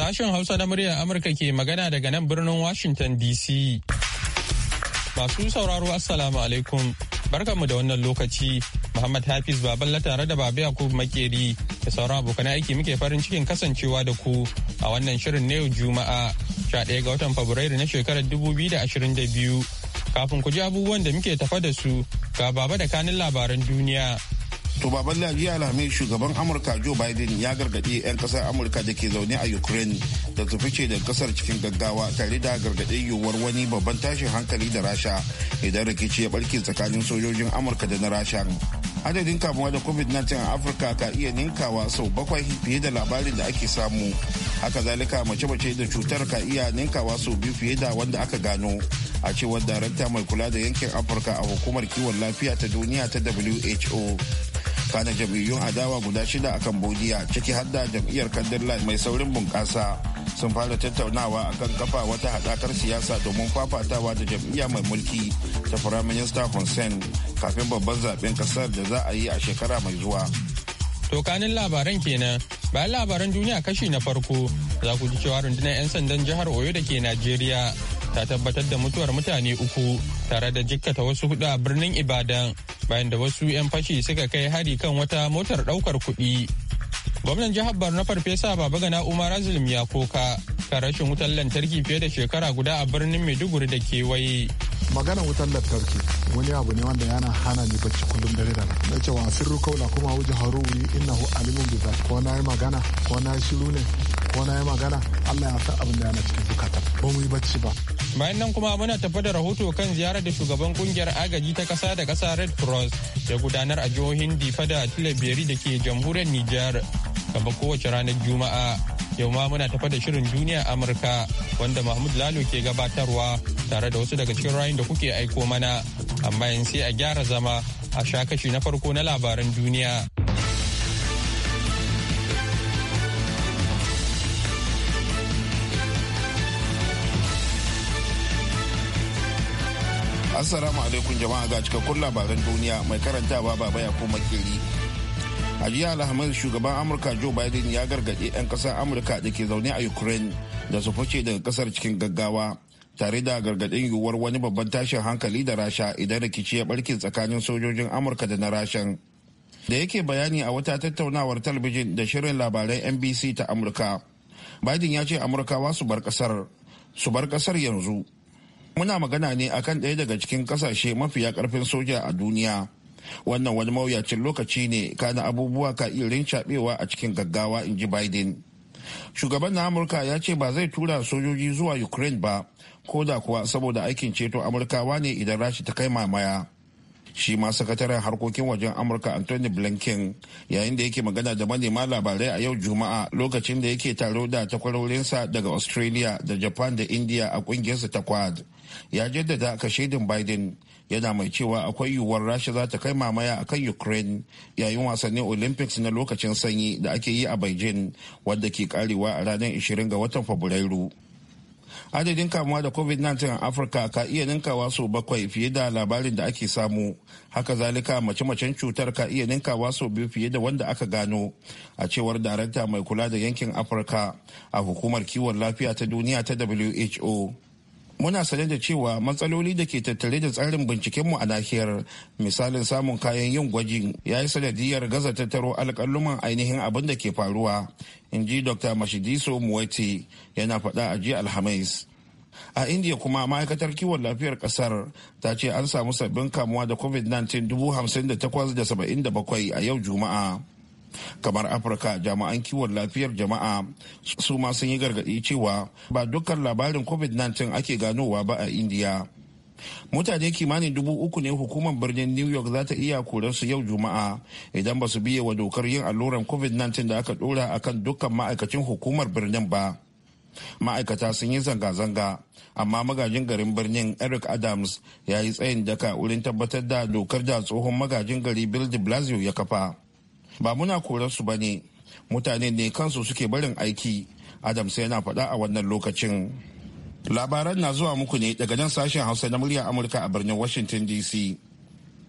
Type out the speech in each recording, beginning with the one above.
Sashen Hausa na muryar Amurka ke magana daga nan birnin Washington DC. Masu sauraro Assalamu alaikum. Barkanmu da wannan lokaci. Muhammad Hafiz Baballa tare da Babu Yakub Makeri da sauran abokan aiki muke farin cikin kasancewa da ku a wannan shirin na yau Juma'a sha 11 ga watan Fabrairu na shekarar biyu Kafin ku ji abubuwan da muke tafa da su ga Baba da kanin labaran duniya. to baban lafiya alhamis shugaban amurka joe biden ya gargaɗi 'yan ƙasar amurka da ke zaune a ukraine da su fice da kasar cikin gaggawa tare da gargaɗe yiwuwar wani babban tashin hankali da rasha idan rikici ya ɓarke tsakanin sojojin amurka da na rasha adadin kamuwa da covid-19 a afirka ka iya ninkawa sau bakwai fiye da labarin da ake samu haka zalika mace-mace da cutar ka iya ninkawa sau biyu fiye da wanda aka gano a cewar darakta mai kula da yankin afirka a hukumar kiwon lafiya ta duniya ta who kana jam'iyyun adawa guda shida akan bodiya ciki har da jam'iyyar kandilla mai saurin bunƙasa sun fara tattaunawa akan kafa wata haɗakar siyasa domin fafatawa da jam'iyya mai mulki ta firaminista minista hussein kafin babban zaben kasar da za a yi a shekara mai zuwa tokanin labaran kenan bayan labaran duniya kashi na farko za ku ji cewa rundunar 'yan sandan jihar oyo da ke najeriya ta tabbatar da mutuwar mutane uku tare da jikkata wasu hudu a birnin ibadan bayan da wasu 'yan fashi suka kai hari kan wata motar ɗaukar kuɗi. Gwamnan jihar Borno Farfesa Babagana Umar Azulum ya koka ka. rashin wutar lantarki fiye da shekara guda a birnin Maiduguri da kewaye. magana wutar lantarki wani abu ne wanda yana hana ni bacci kullum dare da na ce wa sirru kaula kuma wuri ina hu alimun bizat ko na yi magana ko na shiru ne ko na yi magana Allah ya san abin da yana cikin bukata ba mu yi bacci ba. bayan nan kuma muna tafi da rahoto kan ziyarar da shugaban kungiyar agaji ta kasa da kasa red cross da gudanar a jihohin difa da tilaberi da ke jamhuriyar niger kamar kowace ranar juma'a yau ma muna tafi da shirin duniya amurka wanda mahmud lalo ke gabatarwa tare da wasu daga cikin rayun da kuke aiko mana amma yanzu sai a gyara zama a sha kashi na farko na labaran duniya. Assalamu alaikum jama'a ga cikakkun labaran duniya mai karantawa baba baya ko makeri. A jiya Alhamis shugaban Amurka Joe Biden ya gargaɗe 'yan ƙasar Amurka da ke zaune a Ukraine da su fice daga ƙasar cikin gaggawa tare da gargaɗin yiwuwar wani babban tashin hankali da rasha idan rikici ya ɓarke tsakanin sojojin Amurka da na rashan. Da yake bayani a wata tattaunawar talabijin da shirin labaran NBC ta Amurka. Biden ya ce Amurkawa su bar ƙasar, su bar ƙasar yanzu. muna magana ne akan ɗaya daga cikin ƙasashe mafiya ƙarfin soja a duniya wannan wani mawuyacin lokaci ne kana abubuwa ka iya rincaɓewa a cikin gaggawa in ji biden shugaban na amurka ya ce ba zai tura sojoji zuwa ukraine ba ko da kuwa saboda aikin ceto amurkawa ne idan rashi ta kai mamaya shi ma sakataren harkokin wajen amurka anthony blinken yayin da yake magana da manema labarai a yau juma'a lokacin da yake taro da takwarorinsa daga australia da japan da india a kungiyarsa ta quad ya jaddada shaidin biden yana mai cewa akwai yiwuwar rasha za ta kai mamaya a kan ukraine yayin wasannin olympics na lokacin sanyi da ake yi a beijing wadda ke karewa a ranar 20 ga watan fabrairu adadin kamuwa da covid-19 a afirka ka iya ninkawa sau bakwai fiye da labarin da ake samu haka zalika mace-macen cutar ka iya ninkawa sau biyu fiye da wanda aka gano a cewar darakta mai kula da yankin afirka a hukumar kiwon lafiya ta duniya ta who muna sane da cewa matsaloli da ke tattare da tsarin bincikenmu a nahiyar misalin samun kayan yin gwaji ya yi sanadiyar gaza tattaro alƙalluman ainihin abin da ke faruwa in ji dr mashidiso muwaiti yana faɗa a jiya alhamis a india kuma ma'aikatar kiwon lafiyar kasar ta ce an samu sabbin kamuwa da covid-19 58,077 a yau juma'a kamar afirka jami'an kiwon lafiyar jama'a su ma sun yi gargaɗi cewa ba dukkan labarin covid-19 ake ganowa ba a indiya mutane kimanin dubu uku ne hukumar birnin new york za ta iya korar su yau juma'a idan ba su biye wa dokar yin alluran covid-19 da aka dora akan dukkan ma'aikacin hukumar birnin ba ma'aikata sun yi zanga-zanga amma magajin garin birnin eric adams ya yi tsayin daka wurin tabbatar da dokar da tsohon magajin gari bill de blasio ya kafa ba muna korar ba ne mutane ne kansu suke barin aiki adams yana faɗa a wannan lokacin labaran na zuwa muku ne daga nan sashen hausa na muryar amurka a birnin washington dc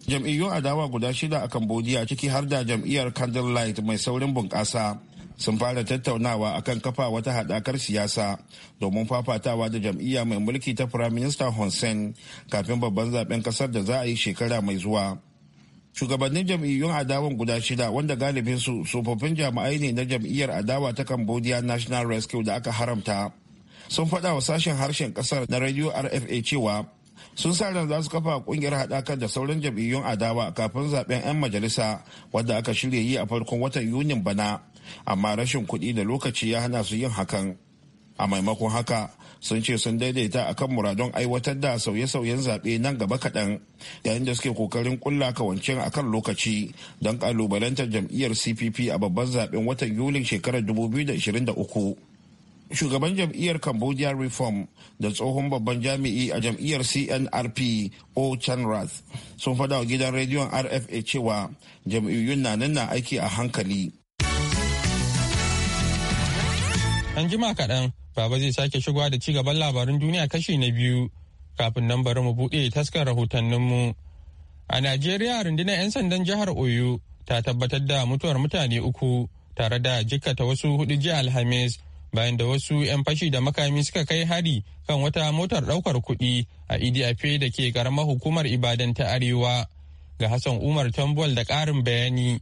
jam'iyyun adawa guda shida a cambodia ciki har da jam'iyyar candlelight mai saurin bunƙasa sun fara tattaunawa akan kafa wata haɗakar siyasa domin fafatawa da jam'iyya mai mulki ta firaminista hun sen kafin babban zaben ƙasar da za a yi shekara mai zuwa shugabannin jam'iyyun adawan guda shida wanda galibin su tsofaffin jami'ai ne na jam'iyyar adawa ta cambodia national rescue da aka haramta sun faɗa wa sashen harshen ƙasar na radio rfa cewa sun sa ran za su kafa kungiyar haɗakar da sauran jam'iyyun adawa kafin zaben 'yan majalisa wanda aka shirya yi a farkon watan yunin bana amma rashin kuɗi da lokaci ya hana su yin hakan a maimakon haka sun ce sun daidaita a kan muradun aiwatar da sauye-sauyen zaɓe nan gaba kaɗan yayin da suke kokarin kulla kawancin akan lokaci don kalubalantar jam'iyyar cpp a babban zaɓen watan yulin shekarar 2023 shugaban jam'iyyar cambodia reform da tsohon babban jami'i a jam'iyyar cnrp o chanrath sun faɗa wa gidan rediyon rfa cewa jam'iyyun na nan na aiki a hankali An jima kaɗan, Baba zai sake shigowa da ci gaban labarin duniya kashi na biyu kafin nan bari mu buɗe taskar rahotanninmu. A Najeriya rundunar 'yan sandan jihar Oyo ta tabbatar da mutuwar mutane uku tare da jikkata wasu hudu jiya Alhamis bayan da wasu 'yan fashi da makami suka kai hari kan wata motar ɗaukar kuɗi a Idi afe da ke ƙaramar hukumar Ibadan ta Arewa. Ga Hassan Umar Tambol da ƙarin bayani.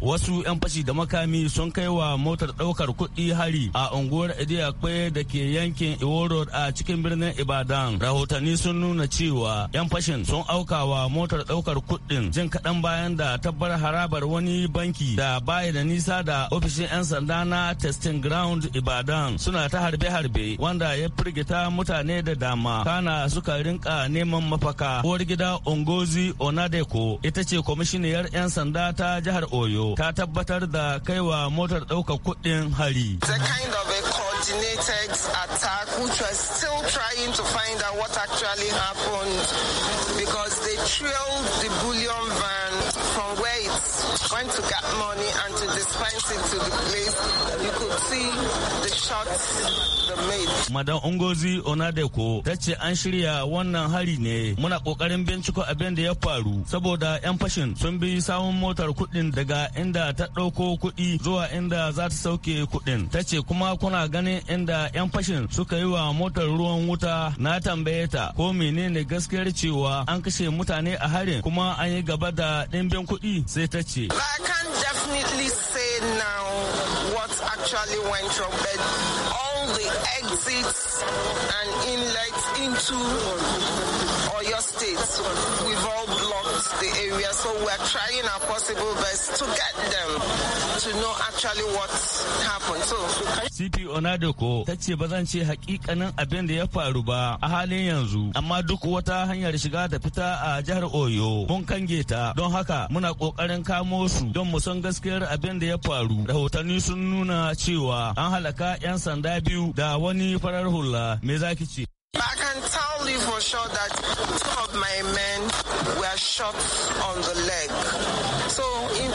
wasu 'yan fashi da makami sun kai wa motar ɗaukar kuɗi hari a unguwar idiyakwe da ke yankin iworo a cikin birnin ibadan rahotanni sun nuna cewa 'yan fashin sun auka wa motar ɗaukar kuɗin jin kaɗan bayan da tabbar harabar wani banki da baya da nisa da ofishin 'yan sanda na testing ground ibadan suna ta harbe-harbe wanda ya firgita mutane da dama kana suka rinka neman mafaka uwar gida ongozi onadeko ita ce kwamishiniyar 'yan sanda ta jihar oyo Oyo ta tabbatar da kaiwa coordinated attack which we're still trying to find out what actually happened because they trailed the bullion van from where it's going to get money and into the place, you could see the shots Madam Ungozi Onadeko ta ce an shirya wannan hari ne muna kokarin binciko abin da ya faru saboda 'yan fashin sun bi samun motar kuɗi daga inda ta ɗauko kuɗi zuwa inda za ta sauke kuɗin. Ta ce kuma kuna ganin inda 'yan fashin suka yi wa motar ruwan wuta na tambaye ta ko menene gaskiyar cewa an kashe mutane a harin kuma an yi gaba da ɗimbin kuɗi sai ta ce. I now what actually went wrong, but all the exits and inlets into Oyo State, we've all blocked the area, so we're trying our possible best to get them to know actually what happened. So, CP Onadoko ta ce ba zan ce hakikanin abin da ya faru ba a halin yanzu, amma duk wata hanyar shiga da fita a jihar Oyo mun kange ta don haka muna kokarin kamo su don mu san gaskiyar abin da ya faru. Rahotanni sun nuna cewa an halaka 'yan sanda biyu da wani farar hula me zaki ce. see for sure that two of my men were shot on the leg. So in,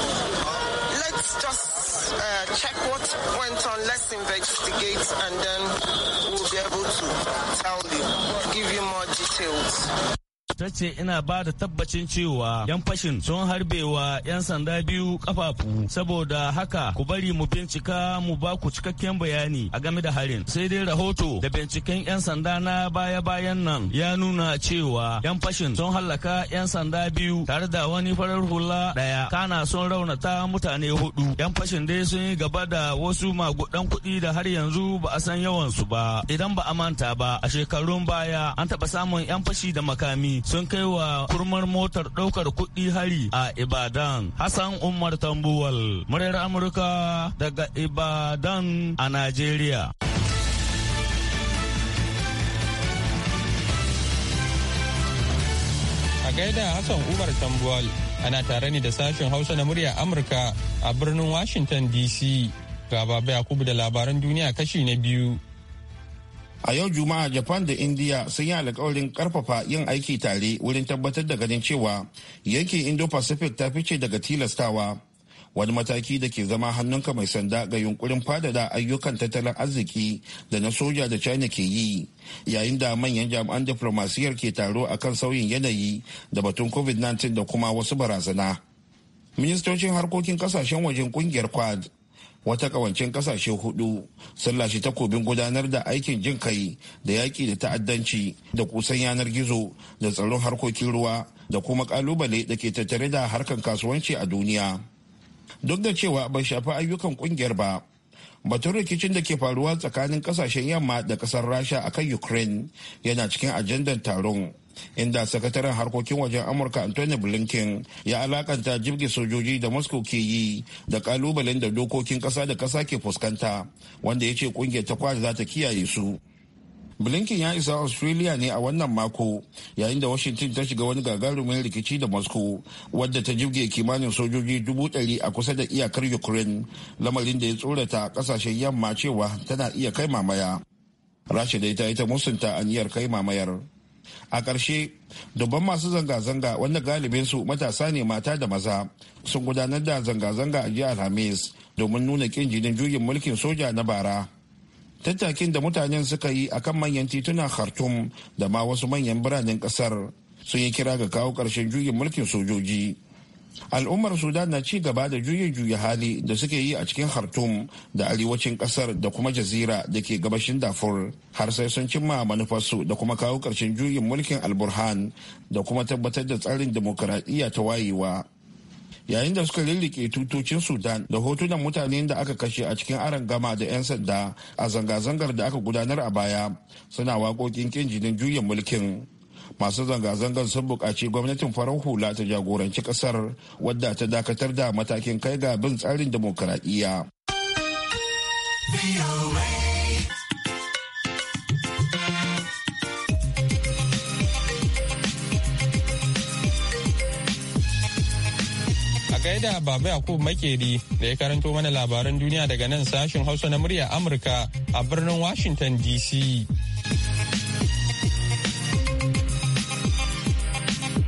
let's just uh, check what went on. Let's investigate and then we'll be able to tell you, give you more details. ta ce ina ba da tabbacin cewa 'yan fashin sun harbewa 'yan sanda biyu kafafu saboda haka ku bari mu bincika mu ba ku cikakken bayani a game da harin sai dai rahoto da binciken 'yan sanda na baya-bayan nan ya nuna cewa 'yan fashin sun hallaka 'yan sanda biyu tare da wani farar hula daya kana sun raunata mutane hudu 'yan fashin dai sun yi gaba da wasu magudan kuɗi da har yanzu ba a san su ba idan ba a manta ba a shekarun baya an taɓa samun 'yan fashi da makami sun kai wa kurmar motar ɗaukar kuɗi hari a Ibadan. Hassan Umar Tambuwal, muryar Amurka daga Ibadan a Najeriya. A gaida Hassan Umar Tambuwal ana tare ne da sashen Hausa na murya Amurka a birnin Washington DC. Gaba Yakubu da labaran duniya kashi na biyu. a yau juma'a japan da india sun yi alkawarin karfafa yin aiki tare wurin tabbatar da ganin cewa yankin indo-pacific ta fice daga tilastawa wani mataki da ke zama hannunka mai sanda ga yunkurin fadada ayyukan tattalin arziki da na soja da china ke yi yayin da manyan jami'an diplomasiyar ke taro a kan sauyin yanayi da batun covid-19 da kuma wasu barazana ministocin harkokin kasashen wajen kungiyar quad wata kawancin kasashe hudu sun lashe takobin gudanar da aikin jin kai da yaƙi da ta'addanci da kusan yanar gizo da tsaron harkokin ruwa da kuma kalubale da ke tattare da harkar kasuwanci a duniya duk da cewa bai shafi ayyukan kungiyar ba batun rikicin da ke faruwa tsakanin kasashen yamma da kasar rasha akan ukraine yana cikin ajandar taron inda sakataren harkokin wajen amurka antony blinken ya alakanta jirgin sojoji da moscow ke yi da kalubalen da dokokin kasa da kasa ke fuskanta wanda ya ce kungiyar ta kwaje za ta kiyaye su blinken ya isa australia ne a wannan mako yayin da washington ta shiga wani gagarumin rikici da moscow wadda ta jibge kimanin sojoji dubu ɗari a kusa da iyakar ukraine lamarin da ya tsorata kasashen yamma cewa tana iya kai mamaya rasha ita ta yi ta musunta aniyar kai mamayar a ƙarshe dubban masu zanga-zanga wanda galibin su matasa ne mata da maza sun gudanar da zanga-zanga a jiya alhamis domin nuna kin jinin juyin mulkin soja na bara tattakin da mutanen suka yi a kan manyan titunan khartoum da ma wasu manyan biranen ƙasar sun yi kira ga kawo ƙarshen juyin mulkin sojoji al'ummar sudan na ci gaba da juye juye hali da suke yi a cikin khartoum da arewacin kasar da kuma jazira da ke gabashin dafur har sai sun cimma manufarsu da kuma kawo ƙarshen juyin mulkin alburhan da kuma tabbatar da tsarin demokuraɗiyya ta wayewa yayin da suka lullike tutocin sudan da hotunan mutane da aka kashe a cikin aron gama da 'yan sanda a zanga-zangar da aka gudanar a baya suna waƙoƙin kin jinin juyin mulkin masu zanga-zangar sun buƙaci gwamnatin farar hula ta jagoranci ƙasar wadda ta dakatar da matakin kai ga bin tsarin a gaida Baba Yakubu Makeri da ya karanto mana labaran duniya daga nan sashen Hausa na murya Amurka a birnin Washington DC.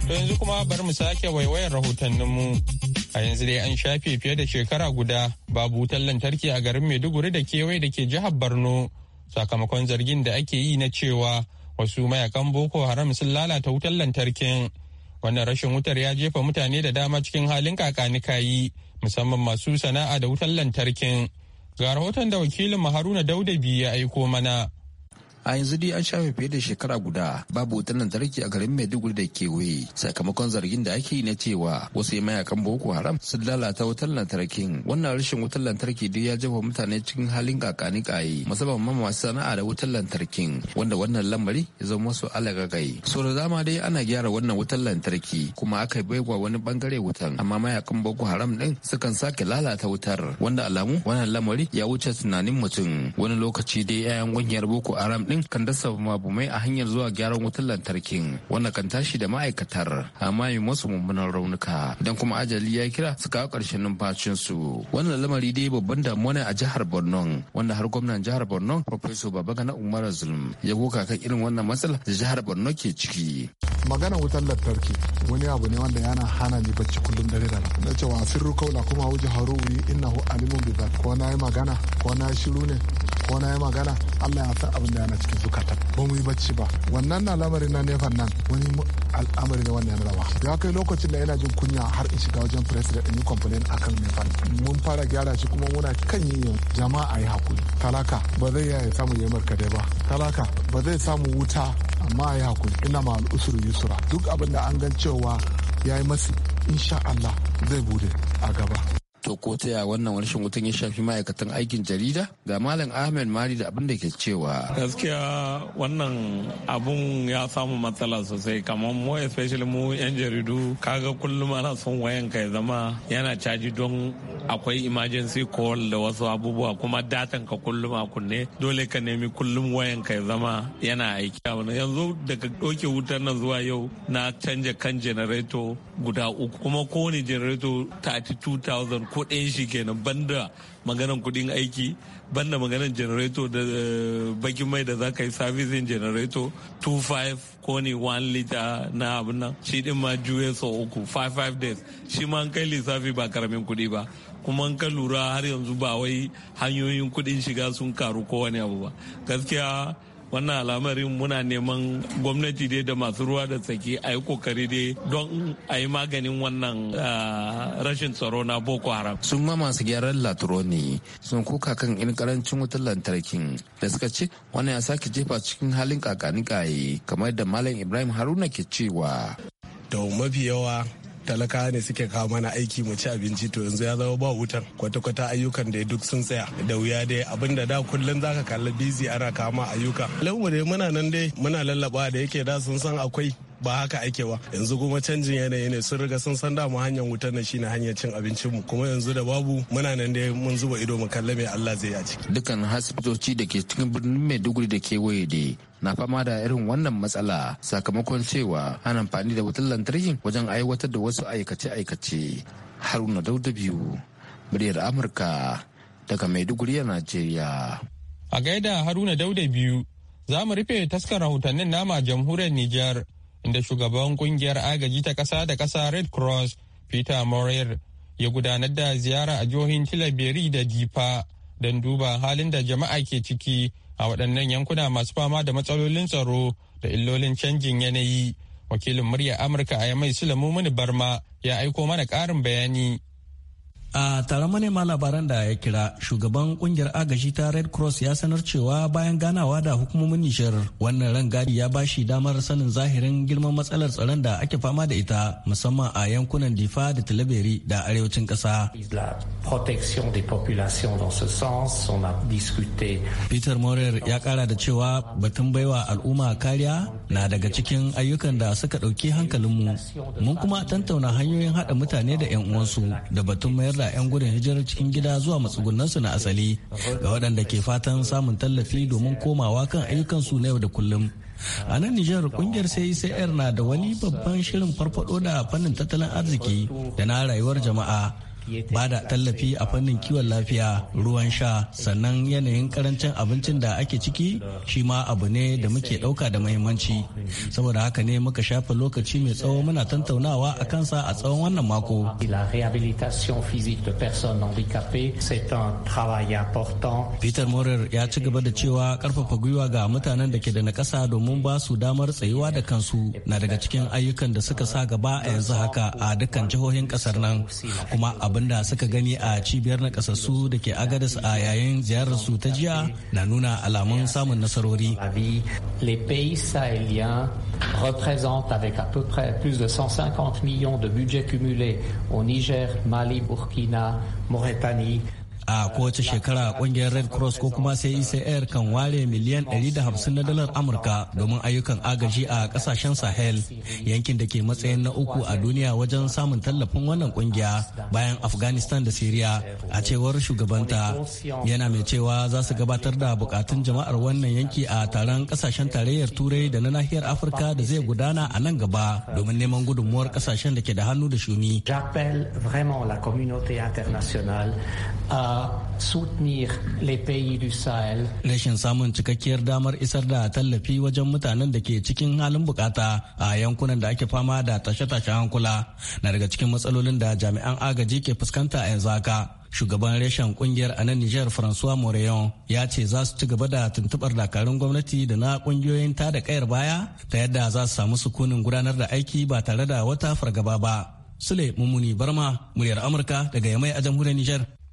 To yanzu kuma bari mu sake waiwayar rahotanninmu. A yanzu dai an shafe fiye da shekara guda babu wutar lantarki a garin Maiduguri da kewaye da ke jihar Borno sakamakon zargin da ake yi na cewa wasu mayakan Boko Haram sun lalata wutar lantarkin. Wannan rashin wutar ya jefa mutane da dama cikin halin kakanikayi musamman masu sana'a da wutar lantarkin. Ga rahoton da wakilin Haruna Daudabi ya aiko mana. a yanzu dai an shafe fiye da shekara guda babu wutar lantarki a garin maiduguri da kewaye sakamakon zargin da ake yi na cewa wasu mayakan boko haram sun lalata wutar lantarkin wannan rashin wutar lantarki dai ya jefa mutane cikin halin kakani kaye musamman ma masu sana'a da wutar lantarkin wanda wannan lamari ya zama wasu alagagai so da dama dai ana gyara wannan wutar lantarki kuma aka bai wa wani bangare wutan amma mayakan boko haram din sukan sake lalata wutar wanda alamu wannan lamari ya wuce tunanin mutum wani lokaci dai 'ya'yan kungiyar boko haram din kan dasa mabumai a hanyar zuwa gyaran wutar lantarkin wanda kan tashi da ma'aikatar amma yi masu mummunan raunuka don kuma ajali ya kira su kawo ƙarshen su wannan lamari dai babban damuwa ne a jihar borno wanda har gwamnan jihar borno professor na umar zulm ya goka kan irin wannan matsala da jihar borno ke ciki magana wutar lantarki wani abu ne wanda yana hana ni bacci kullum dare da na cewa sirru kaula kuma wuji haruri innahu alimun bi ko na yi magana ko na shiru ne ko na yi magana Allah ya san abin da yana cikin ba mu yi bacci ba wannan na lamarin na nefan nan wani al'amari ne wannan rawa ya kai lokacin da yana jin kunya har in shiga wajen president in yi complain akan nefan mun fara gyara shi kuma muna kan yin jama'a yi hakuri talaka ba zai ya samu yamar kadai ba talaka ba zai samu wuta amma ya hakuri ina ma al'usuru yusura duk abin da an gan cewa ya yi masu insha Allah zai bude a gaba to ko ta yaya wannan wani wutan ya shafi ma'aikatan aikin jarida ga malam ahmed mari da abin da ke cewa gaskiya wannan abun ya samu matsala sosai kamar mu especially mu yan jaridu kaga kullum ana son wayan ka ya zama yana caji don akwai emergency call da wasu abubuwa kuma datan ka kullum a kunne dole ka nemi kullum wayan ka zama yana aiki yanzu daga ɗauke wutar nan zuwa yau na canja kan janareto guda uku kuma kowane janareto 32,000 ko ɗayan shi kenan banda maganan kuɗin aiki banda maganan generator da eh, bakin mai da za ka yi servicing generator 2.5 ko ne 1 liter na abin nan shi din ma juye sau uku 5-5 days shi ma kai lissafi ba karamin kuɗi ba kuma ka lura har yanzu ba wai hanyoyin kuɗin shiga sun karu kowane abu ba gaskiya wannan al'amarin muna neman gwamnati dai da masu ruwa da tsaki a yi kokari dai don a yi maganin wannan ah, rashin tsaro na boko haram sun ma masu gyaran laturo ne sun kuka kan irin karancin wutar lantarkin da suka ce wannan ya sake jefa cikin halin kakanikaye kaye kamar da malam ibrahim haruna ke cewa da mafi yawa talakawa ne suke kawo mana aiki mu ci abinci to yanzu ya zama ba wutan kwata-kwata ayyukan da duk sun tsaya da wuya dai abin da da kullum zaka kalli bizi ana kama ayyuka. Lamu dai muna nan dai muna lallaba da yake da sun san akwai ba haka ake ba yanzu kuma canjin yanayi ne sun riga sun san damu hanyar wutar na shine hanyar cin abincin mu kuma yanzu da babu muna nan dai mun zuba ido mu kalla mai Allah zai a ciki dukkan asibitoci da ke cikin birnin Maiduguri da ke waye da na fama da irin wannan matsala sakamakon cewa ana amfani da wutar lantarki wajen aiwatar da wasu aikace-aikace haruna dauda biyu muryar amurka daga maiduguri a najeriya a gaida haruna dauda biyu za mu rufe taskar rahotannin nama jamhuriyar nijar inda shugaban kungiyar agaji ta ƙasa da ƙasa red cross peter morer ya gudanar da ziyara a jihohin tilaberi da jifa don duba halin da jama'a ke ciki a waɗannan yankuna masu fama da matsalolin tsaro da illolin canjin yanayi wakilin murya amurka a yamai sulamu mini barma ya aiko mana ƙarin bayani a taron manema labaran da ya kira shugaban kungiyar agaji ta red cross ya sanar cewa bayan ganawa da hukumomin nishar wannan rangadi ya bashi damar sanin zahirin girman matsalar tsaron da ake fama da ita musamman a yankunan difa da talaberi da arewacin kasa peter morer ya kara da cewa batun baiwa al'umma kariya na daga cikin ayyukan da suka ɗauki hankalinmu mun kuma tantauna hanyoyin haɗa mutane da 'yan uwansu da batun mayar canza 'yan gudun hijirar cikin gida zuwa matsugunansu na asali ga waɗanda ke fatan samun tallafi domin komawa kan ayyukansu na yau da kullum. a nan nijar kungiyar CICR na da wani babban shirin farfado da fannin tattalin arziki da na rayuwar jama'a ba da tallafi a fannin kiwon lafiya ruwan sha sannan yanayin karancin abincin da ake ciki shi ma abu ne da muke ɗauka da mahimmanci saboda haka ne muka shafa lokaci mai tsawo muna tantaunawa a kansa a tsawon wannan mako peter morer ya ci gaba da cewa karfafa gwiwa ga mutanen da ke da nakasa domin ba su damar tsayuwa da kansu na daga cikin ayyukan da suka sa gaba a yanzu haka a dukkan jihohin kasar nan kuma Les pays sahéliens représentent avec à peu près plus de 150 millions de budget cumulé au Niger, Mali, Burkina, Mauritanie. a kowace shekara kungiyar red cross ko kuma sai air e kan ware miliyan 150 na dalar amurka domin ayyukan agaji a kasashen sahel yankin da ke matsayin na uku a duniya wajen samun tallafin wannan kungiya bayan afghanistan da syria a cewar shugabanta yana mai cewa za su gabatar da bukatun jama'ar wannan yanki a taron kasashen tarayyar turai da na nahiyar afirka da zai gudana a nan gaba domin neman gudunmuwar kasashen da ke da hannu da shuni. J'appelle la communauté internationale soutenir les pays du Sahel. Rashin samun cikakkiyar damar isar da tallafi wajen mutanen da ke cikin halin bukata a yankunan da ake fama da tashe-tashen hankula na daga cikin matsalolin da jami'an agaji ke fuskanta a yanzu haka. shugaban reshen kungiyar a nan Nijar François Moreon ya ce za su ci gaba da tuntubar dakarun gwamnati da na kungiyoyin ta da kayar baya ta yadda za su samu sukunin gudanar da aiki ba tare da wata fargaba ba. Sule Mummuni Barma, muryar Amurka daga Yamai a jamhuriyar Nijar.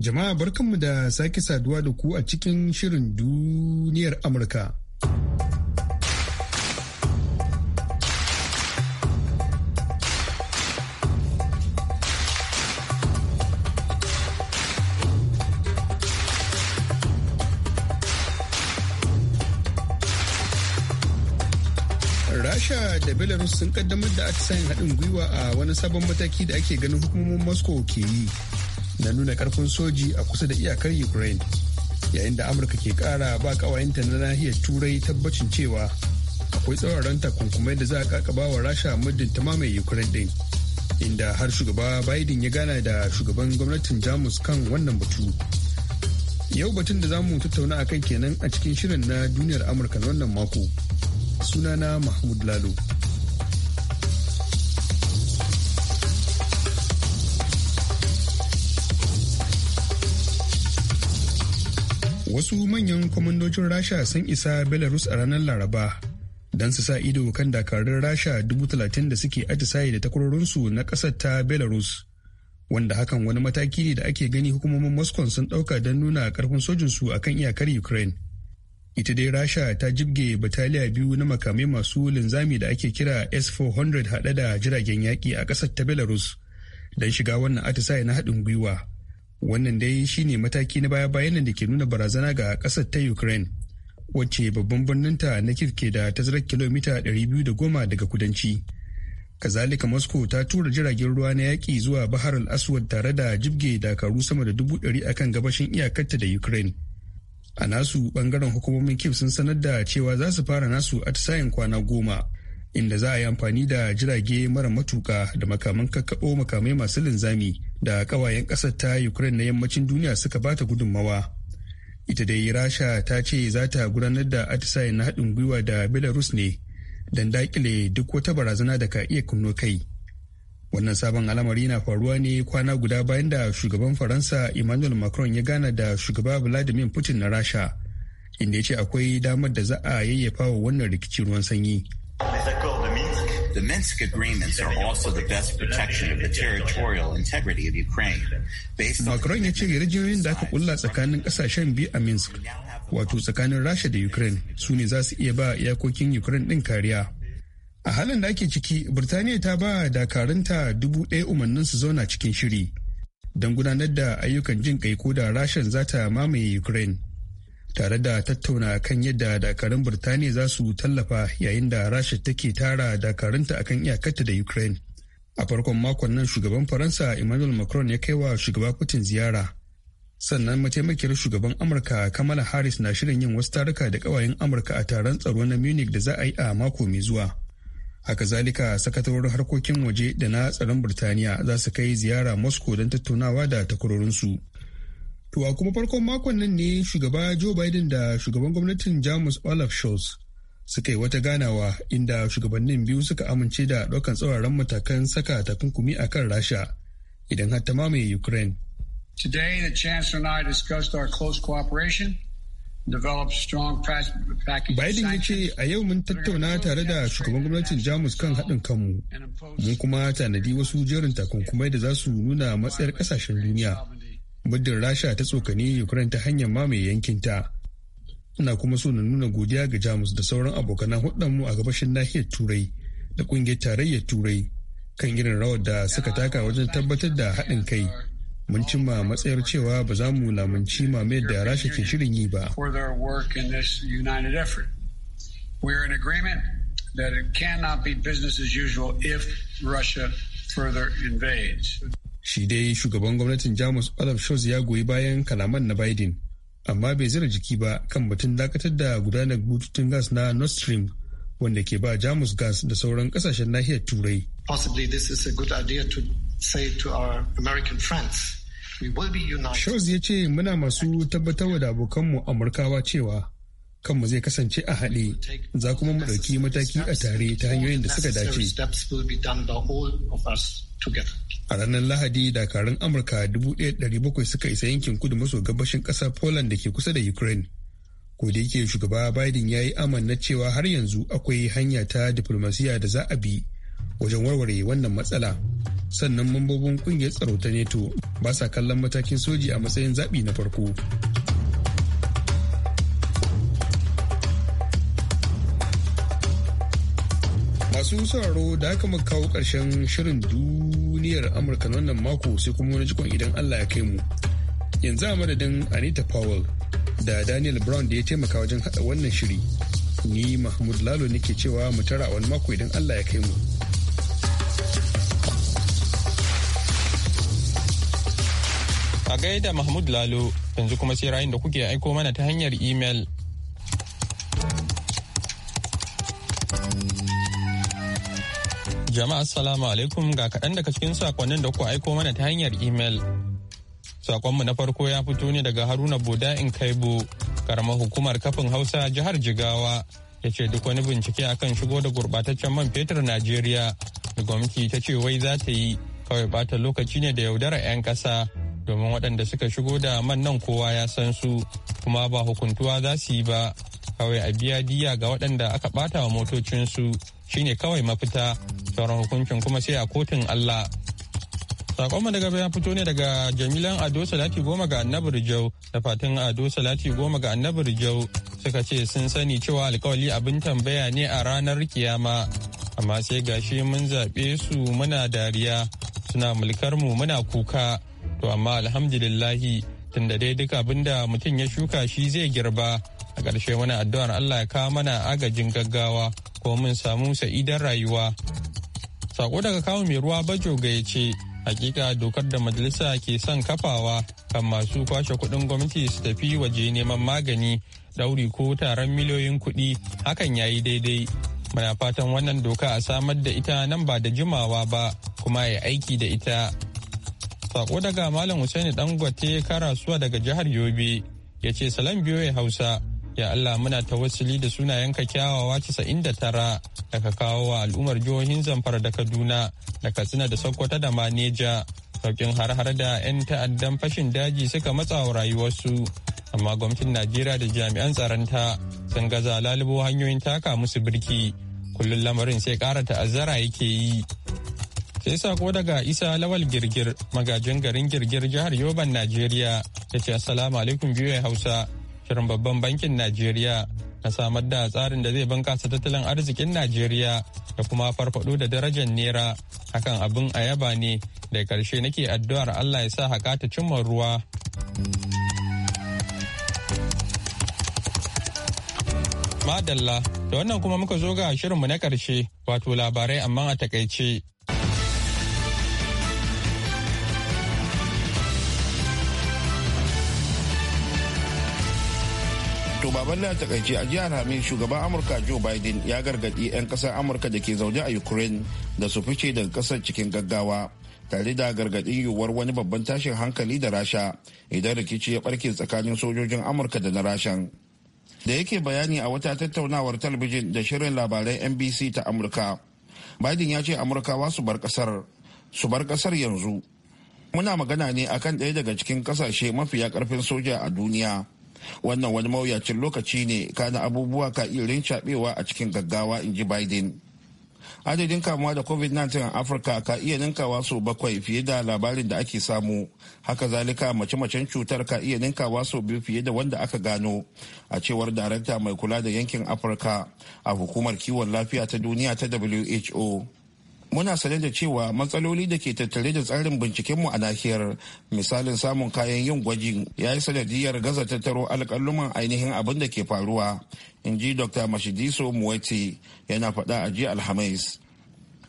Jama'a barkanmu da sake saduwa da ku a cikin shirin duniyar Amurka. rasha da belarus sun kaddamar da atisayen haɗin gwiwa a wani sabon mataki da ake ganin hukumomin moscow ke yi na nuna karfin soji a kusa da iyakar ukraine yayin da amurka ke kara ba kawayenta na nahiyar turai tabbacin cewa akwai tsauraran takunkumai da za a kakaba wa rasha muddin ta mamaye ukraine din inda har shugaba biden ya gana da shugaban gwamnatin jamus kan wannan batu yau batun da za mu tattauna a kai kenan a cikin shirin na duniyar amurka na wannan mako sunana mahmud lalo wasu manyan kwamandocin rasha sun isa belarus a ranar laraba don su sa ido kan dakarun rasha dubu talatin da suke atisaye da takwarorinsu na ƙasar ta belarus wanda hakan wani mataki ne da ake gani hukumomin moscow sun ɗauka don nuna ƙarfin sojinsu a kan iyakar ukraine ita dai rasha ta jibge bataliya biyu na makamai masu linzami da ake kira s-400 haɗe da jiragen yaƙi a ƙasar ta belarus don shiga wannan atisaye na haɗin gwiwa Wannan dai shine mataki na baya bayanan da ke nuna barazana ga ƙasar ta Ukraine, wacce babban birninta na Kiev ke da tazarar kilomita 210 daga kudanci. Kazalika Moscow ta tura jiragen ruwa na yaƙi zuwa Bahar al-Aswad tare da jibge dakaru sama da dubu ɗari kan gabashin iyakarta da Ukraine. A nasu ɓangaren hukumomin kif sun sanar da cewa za su fara nasu atisayen kwana goma inda za a yi amfani da jirage mara matuka da makaman kakkaɓo makamai masu linzami da ƙawayen ƙasar ta ukraine na yammacin duniya suka bata gudunmawa ita dai rasha ta ce za ta gudanar da atisaye na haɗin gwiwa da belarus ne don dakile duk wata barazana da ka iya kunno kai wannan sabon al'amari na faruwa ne kwana guda bayan da shugaban faransa emmanuel macron ya gana da shugaba vladimir putin na rasha inda ya ce akwai damar da za a yayyafa wannan rikici ruwan sanyi The Minsk agreements are also the best protection of the territorial integrity of Ukraine. Macron ya ce yarjejeniyoyin da aka kulla tsakanin kasashen biyu a Minsk, wato tsakanin Rasha da Ukraine, su ne za su iya ba iyakokin Ukraine ɗin kariya. A halin da ake ciki, Birtaniya ta ba dakarunta dubu ɗaya umarnin su zauna cikin shiri don gudanar da ayyukan jin kai ko da Rashan za ta mamaye Ukraine. tare da tattauna kan yadda dakarun birtaniya za su tallafa yayin da rasha take tara dakarunta kan iyakarta da ukraine a farkon makon nan shugaban faransa emmanuel macron ya kai wa shugaba putin ziyara sannan mataimakiyar shugaban amurka kamala harris na shirin yin wasu taruka da kawayen amurka a taron tsaro na munich da za a yi a mako mai zuwa haka zalika sakatarorin harkokin waje da na tsaron birtaniya za su kai ziyara moscow don tattaunawa da takwarorinsu To a kuma farkon makon nan ne shugaba Joe Biden da shugaban gwamnatin Jamus Olaf Scholz suka yi wata ganawa inda shugabannin biyu suka amince da ɗaukan tsauraran matakan saka takunkumi a kan Rasha idan har ta mamaye Ukraine. Today the Chancellor and I discussed our close cooperation Biden ya ce a yau mun tattauna tare da shugaban gwamnatin Jamus kan haɗin kanmu, mun kuma tanadi wasu jerin takunkumai da za su nuna matsayar ƙasashen duniya. muddin rasha ta tsokani ukraine ta hanyar mamaye yankinta ina kuma so na nuna godiya ga jamus da sauran abokanan mu a gabashin nahiyar turai da kungiyar tarayyar turai kan irin rawar da suka taka wajen tabbatar da haɗin kai mun cimma matsayar cewa ba za mu lamunci mamayar da rasha ke shirin yi ba that it cannot be business as usual if Russia further invades. Shi dai shugaban gwamnatin Jamus Olaf Scholz ya goyi bayan kalaman na Biden, amma bai zira jiki ba kan batun dakatar da gudanar bututun gas na Nord Stream wanda ke ba Jamus gas da sauran kasashen nahiyar Turai. Possibly ya ce muna masu tabbatarwa da abokanmu Amurkawa cewa kanmu zai kasance a haɗe za kuma mu ɗauki mataki a tare ta hanyoyin da suka dace. A ranar Lahadi dakarun Amurka 1,700 suka isa yankin kudu maso gabashin ƙasar Poland da ke kusa da Ukraine. Ko da yake shugaba Biden ya yi amanna cewa har yanzu akwai hanya ta diplomasiya da za a bi wajen warware wannan matsala. Sannan mambobin kungiyar tsaro ta neto ba sa kallon matakin soji a matsayin zaɓi na farko. Masu sauraro da aka muka kawo ƙarshen shirin duniyar Amurka na wannan mako sai kuma wani jikon idan Allah ya kai mu. Yanzu a madadin Anita Powell da Daniel Brown da ya taimaka wajen haɗa wannan shiri. Ni Mahmud Lalo nake cewa mu tara wani mako idan Allah ya kai mu. A gaida Mahmud Lalo yanzu kuma sai rayun da kuke aiko mana ta hanyar imel. Jama'a assalamu alaikum ga kaɗan daga cikin sakonnin da ku aiko mana ta hanyar imel. Sakonmu na farko ya fito ne daga Haruna Boda in Kaibo, karamar hukumar kafin Hausa jihar Jigawa. Ya ce duk wani bincike akan shigo da gurɓataccen man fetur Najeriya da gwamnati ta ce wai za ta yi kawai bata lokaci ne da yaudara 'yan ƙasa domin waɗanda suka shigo da man nan kowa ya san su kuma ba hukuntuwa za su yi ba kawai a biya diya ga waɗanda aka ɓata wa motocinsu shine kawai mafita sauran hukuncin kuma sai a kotun Allah. Sakonmu daga bayan fito ne daga Jamilan Ado Salati Goma ga Annabi Rijau da fatan Ado Salati Goma ga Annabi Rijau suka ce sun sani cewa alkawali abin tambaya ne a ranar kiyama amma sai gashi mun zaɓe su muna dariya suna mulkar mu muna kuka to amma alhamdulillahi tunda dai duk abin da mutum ya shuka shi zai girba a ƙarshe wani addu'ar Allah ya kawo mana agajin gaggawa ko mun samu sa'idar rayuwa sako daga kawo mai ruwa bajo ya ce hakika dokar da majalisa ke son kafawa kan masu kwashe kuɗin gwamnati su tafi waje neman magani ɗauri ko taron miliyoyin kuɗi hakan ya yi daidai muna fatan wannan doka a samar da ita nan ba da jimawa ba kuma ya aiki da ita sako daga malam hussaini dangote karasuwa daga jihar yobe ya ce salam biyo hausa Ya Allah muna ta tawassuli da sunayenka kyawawa casa'in da tara da ka kawo wa al'ummar jihohin Zamfara da Kaduna da Katsina da Sokoto da Maneja. Saukin har-har da 'yan ta'addan fashin daji suka matsa wa rayuwarsu. Amma gwamnatin Najeriya da jami'an tsaranta. sun gaza lalubo hanyoyin taka musu birki. Kullum lamarin sai ƙara ta'azzara yake yi. sai sako daga isa lawal girgir magajin garin girgir jihar yoban najeriya ya ce assalamu alaikum biyu hausa shirin babban bankin najeriya na samar da tsarin da zai bunkasa tattalin arzikin najeriya da kuma farfado da darajar nera hakan abin a yaba ne da karshe nake addu'ar allah ya sa haka ta cimma ruwa madalla da wannan kuma muka zo ga shirinmu na karshe wato labarai amma a takaice To baban da takaice a jihar Hamis shugaban Amurka Joe Biden ya gargadi 'yan kasar Amurka da ke zaune a Ukraine da su fice daga kasar cikin gaggawa tare da gargadin yiwuwar wani babban tashin hankali da Rasha idan rikici ya barke tsakanin sojojin Amurka da na Rashan. Da yake bayani a wata tattaunawar talabijin da shirin labarai NBC ta Amurka. Biden ya ce Amurkawa su bar kasar, su bar kasar yanzu. Muna magana ne akan ɗaya daga cikin kasashe mafiya karfin soja a duniya. wannan wani mawuyacin lokaci ne kana abubuwa ka iya rincaɓewa a cikin gaggawa in ji biden adadin kamuwa da covid-19 a afirka ka iya ninkawa sau bakwai fiye da labarin da ake samu haka zalika mace-macen cutar ka iya ninkawa sau biyu fiye da wanda aka gano a cewar darakta mai kula da yankin afirka a hukumar kiwon lafiya ta duniya ta who muna sane da cewa matsaloli da ke tattare da tsarin bincikenmu a nahiyar misalin samun kayan yin gwaji ya yi sanadiyar gaza tattaro alƙaluman ainihin abin da ke faruwa in ji dr mashidiso muwaiti yana faɗa a ji alhamis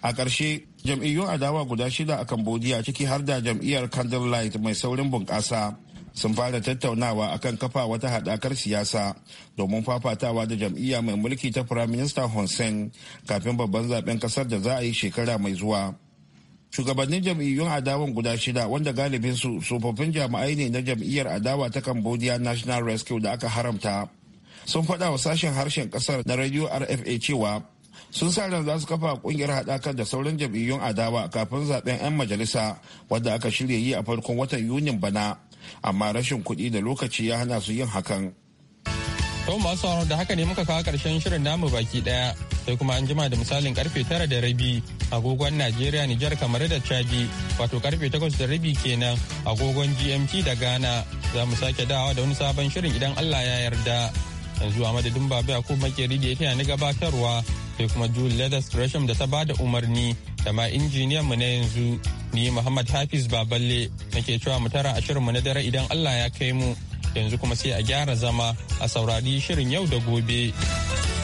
a ƙarshe jam'iyyun adawa guda shida a cambodia ciki har da jam'iyyar candlelight mai saurin bunƙasa sun fara tattaunawa akan kafa wata hadakar siyasa domin fafatawa da jam'iyya mai mulki ta firaminista Hun Sen kafin babban zaben kasar da za a yi shekara mai zuwa. Shugabannin jam'iyyun adawan guda shida wanda galibin su tsofaffin jami'ai ne na jam'iyyar adawa ta Cambodia National Rescue da aka haramta. Sun faɗa wa sashen harshen ƙasar na radio RFA cewa sun sa ran za su kafa kungiyar haɗakar da sauran jam'iyyun adawa kafin zaben 'yan majalisa wadda aka shirya yi a farkon watan yunin bana amma rashin kuɗi da lokaci ya hana su yin hakan. To masu sauraro da haka ne muka kawo karshen shirin namu baki ɗaya sai kuma an jima da misalin karfe tara da rabi agogon Najeriya Nijar kamar da Chadi wato karfe takwas da rabi kenan agogon GMT da Ghana za mu sake dawa da wani sabon shirin idan Allah ya yarda yanzu a madadin babu ko makeri da ya taya ni gabatarwa sai kuma Julie Leathers da ta ba da umarni da ma injiniyan mu na yanzu ni Muhammad Hafiz Baballe nake cewa mu tara a shirin mu na dare idan Allah ya kai mu yanzu kuma sai a gyara zama a saurari shirin yau da gobe.